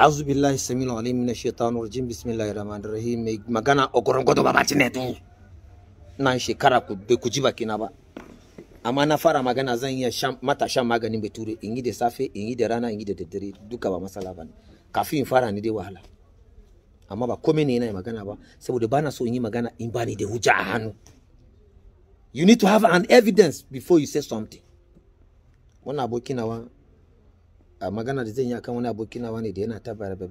azu billahi samil alim min shaitanir rajim bismillahir rahmanir rahim magana ogoron godo baba bacin ne nan shekara ku bai ku ji bakina ba amma na fara magana zan iya mata shan maganin bature in yi da safe in yi da rana in yi da daddare duka ba masala ba kafin in fara ni dai wahala amma ba komai ne yana magana ba saboda ba na so in yi magana in ba ni da hujja a hannu you need to have an evidence before you say something wannan aboki a magana da zan yi akan wani abokina wani da yana ta bara man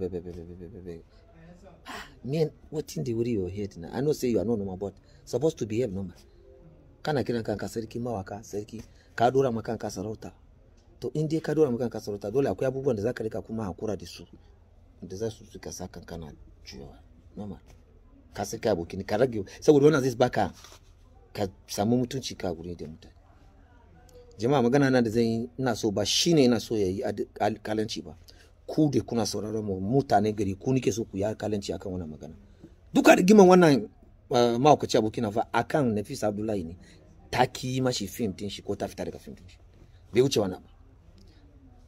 wetin dey worry your head na i know say you are no normal but supposed to behave normal kana kiran kanka sarki mawaka sarki ka dora ma kanka sarauta to in dai ka dora ma kanka sarauta dole akwai abubuwan da zaka rika kuma hakura da su da za su suka sa kanka na juyawa normal ka sai ka abokin ka rage saboda wannan zai baka ka samu mutunci ka gure da mutane jama'a magana na da zan yi ina so ba shine ina so ya yi kalanci ba ku da kuna sauraron mu mutane gari ku nike so ku yi alƙalanci akan wannan magana duka giman wannan eh, mahaukaci abokina na fa akan Nafisa Abdullahi ne ta ki mashi fim din shi ko ta fita daga fim din shi bai wuce wannan ba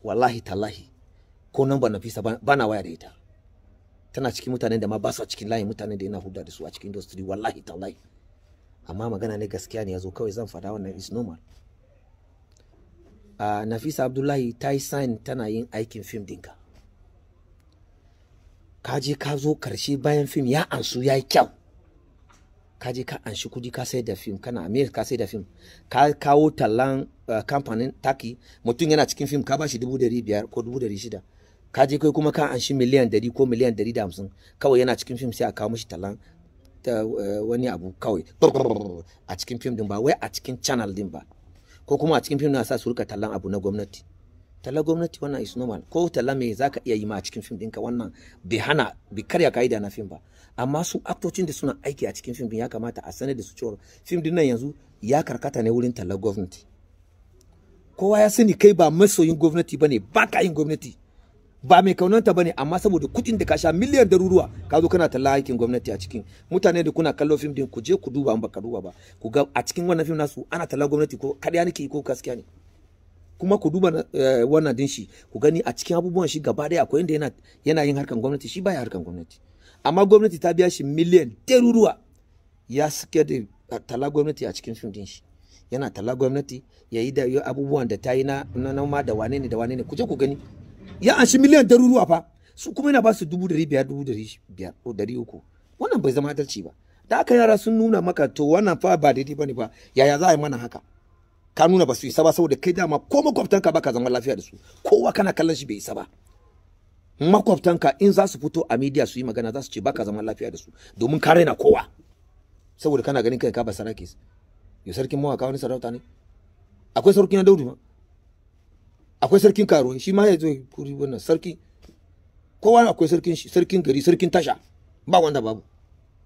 wallahi tallahi ko nan ba Nafisa ba na waya da ita tana cikin mutane da ma ba su cikin layin mutane da ina hulɗa da su a cikin industry wallahi tallahi amma magana ne gaskiya ne ya zo kawai zan faɗa wannan is normal uh, nafisa abdullahi ta yi sign tana yin aikin fim dinka ka je ka zo karshe bayan fim ya ansu ya yi kyau ka je ka anshi kudi ka sai da fim kana amir ka sai da fim ka kawo tallan ah, kamfanin taki mutum yana cikin fim ka bashi dubu dari biyar ko dubu dari shida ka je kai kuma ka anshi miliyan dari ko miliyan dari da hamsin kawai yana cikin fim sai a kawo mishi tallan eh, wani abu kawai a cikin fim din ba wai a cikin channel din ba ko kuma a cikin fim na sa su rika tallan abu na gwamnati tallan gwamnati wannan is normal ko tallan me zaka iya yi ma a cikin fim ɗinka wannan bai hana bai karya ka'ida na fim ba amma su aktocin da suna aiki a cikin fim ya kamata a sanar da su cewa fim din nan yanzu ya karkata ne wurin tallan gwamnati kowa ya sani kai ba masoyin gwamnati bane ba ka yin gwamnati ba mai kaunanta bane amma saboda kudin da ka sha miliyan daruruwa ka zo kana talla aikin gwamnati a cikin mutane da kuna kallo fim din ku je ku duba an baka duba ba ku ga a cikin wannan fim nasu ana talla gwamnati ko kadiya nake ko gaskiya ne kuma ku duba eh, wannan din shi ku gani a cikin abubuwan shi gaba daya akwai inda yana yana yin harkan gwamnati shi baya harkan gwamnati amma gwamnati ta biya shi miliyan daruruwa ya suke da talla gwamnati a cikin fim din shi yana talla gwamnati ya yi da abubuwan da ta yi na noma da wane ne da wane ne ku je ku gani ya anshi miliyan daruruwa fa su kuma yana ba su dubu dari biyar dubu dari biyar ko dari uku wannan bai zama adalci ba da aka yara sun nuna maka to wannan fa ba daidai bane ba yaya za a yi mana haka ka nuna ba su isa ba saboda kai dama ko makwabtanka ba ka zama lafiya da su kowa kana kallon shi bai isa ba makwabtanka in za su fito a media su yi magana za su ce ba ka zama lafiya da su domin ka raina kowa saboda kana ganin kai ka ba sarakis yau sarkin mawaka wani sarauta ne akwai sarki na daudu ma akwai sarkin karuwa shi ma ya zo kuri wannan sarki kowa akwai sarkin shi sarkin gari sarkin tasha ba wanda babu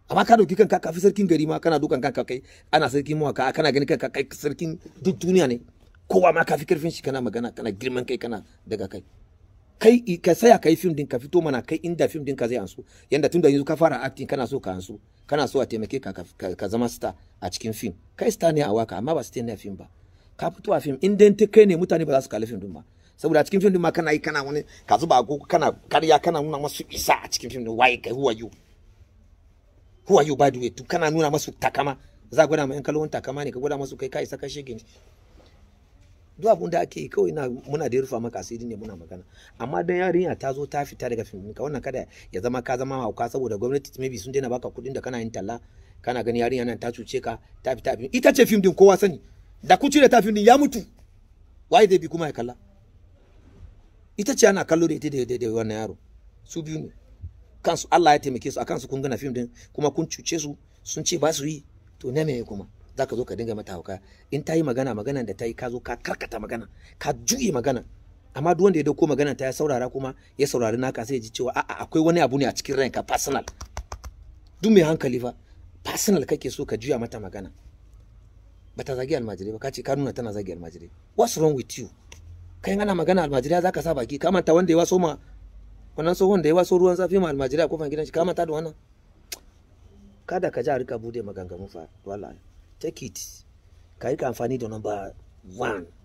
amma ka dauki kanka kafi sarkin gari ma kana dukan kanka kai ana sarkin mawaka kana gani kanka kai sarkin duk duniya ne kowa ma kafi karfin shi kana magana kana girman kai kana daga kai kai ka saya kai film din ka fito mana kai inda film din ka zai ansu yanda tunda yanzu ka fara acting kana so ka ansu kana so a taimake ka ka zama star a cikin film kai star ne a waka amma ba star ne a film ba ka fito a fim inda ta kai ne mutane ba za su kalli fim din ba saboda a cikin fim din ma kana yi kana wani ka zuba ko kana karya kana nuna masu isa a cikin fim din waye kai who are you who are you by the way to kana nuna masu takama za gwada ma kallon takama ne ka gwada masu kai ka isa ka shege ne duk abun da ake yi kawai muna da rufa maka asiri ne muna magana amma dan yarinya ta zo ta fita daga fim ka wannan kada ya zama ka zama hauka saboda gwamnati maybe sun daina baka kuɗin da kana yin talla kana gani yarinya nan ta cuce ka ta fita ita ce fim din kowa sani da da tafi tafin ya mutu waye zai bi kuma ya kalla ita ce ana kallo da ita da wannan yaro su biyu ne kansu Allah ya taimake su akan su kun gana fim din kuma kun cuce su sun ce ba su yi to ne meye kuma zaka zo ka dinga mata hauka in ta yi magana magana da ta yi ka zo ka karkata magana ka juye magana amma duk wanda ya dauko magana ta ya saurara kuma ya saurari naka sai ya ji cewa a'a akwai wani abu ne a cikin ranka personal duk mai hankali fa personal kake so ka juya mata magana bata ta zagi almajirai ba kace ka nuna tana zagi almajirai what's wrong with you kai ngana magana almajirai za ka sa baki ka manta wanda ya waso ma wannan sohon da ya waso ruwan zafi ma almajirai a kofar gidan shi ka manta da wannan kada ka ji a rika bude maganganu fa wallahi take it ka ka amfani da number one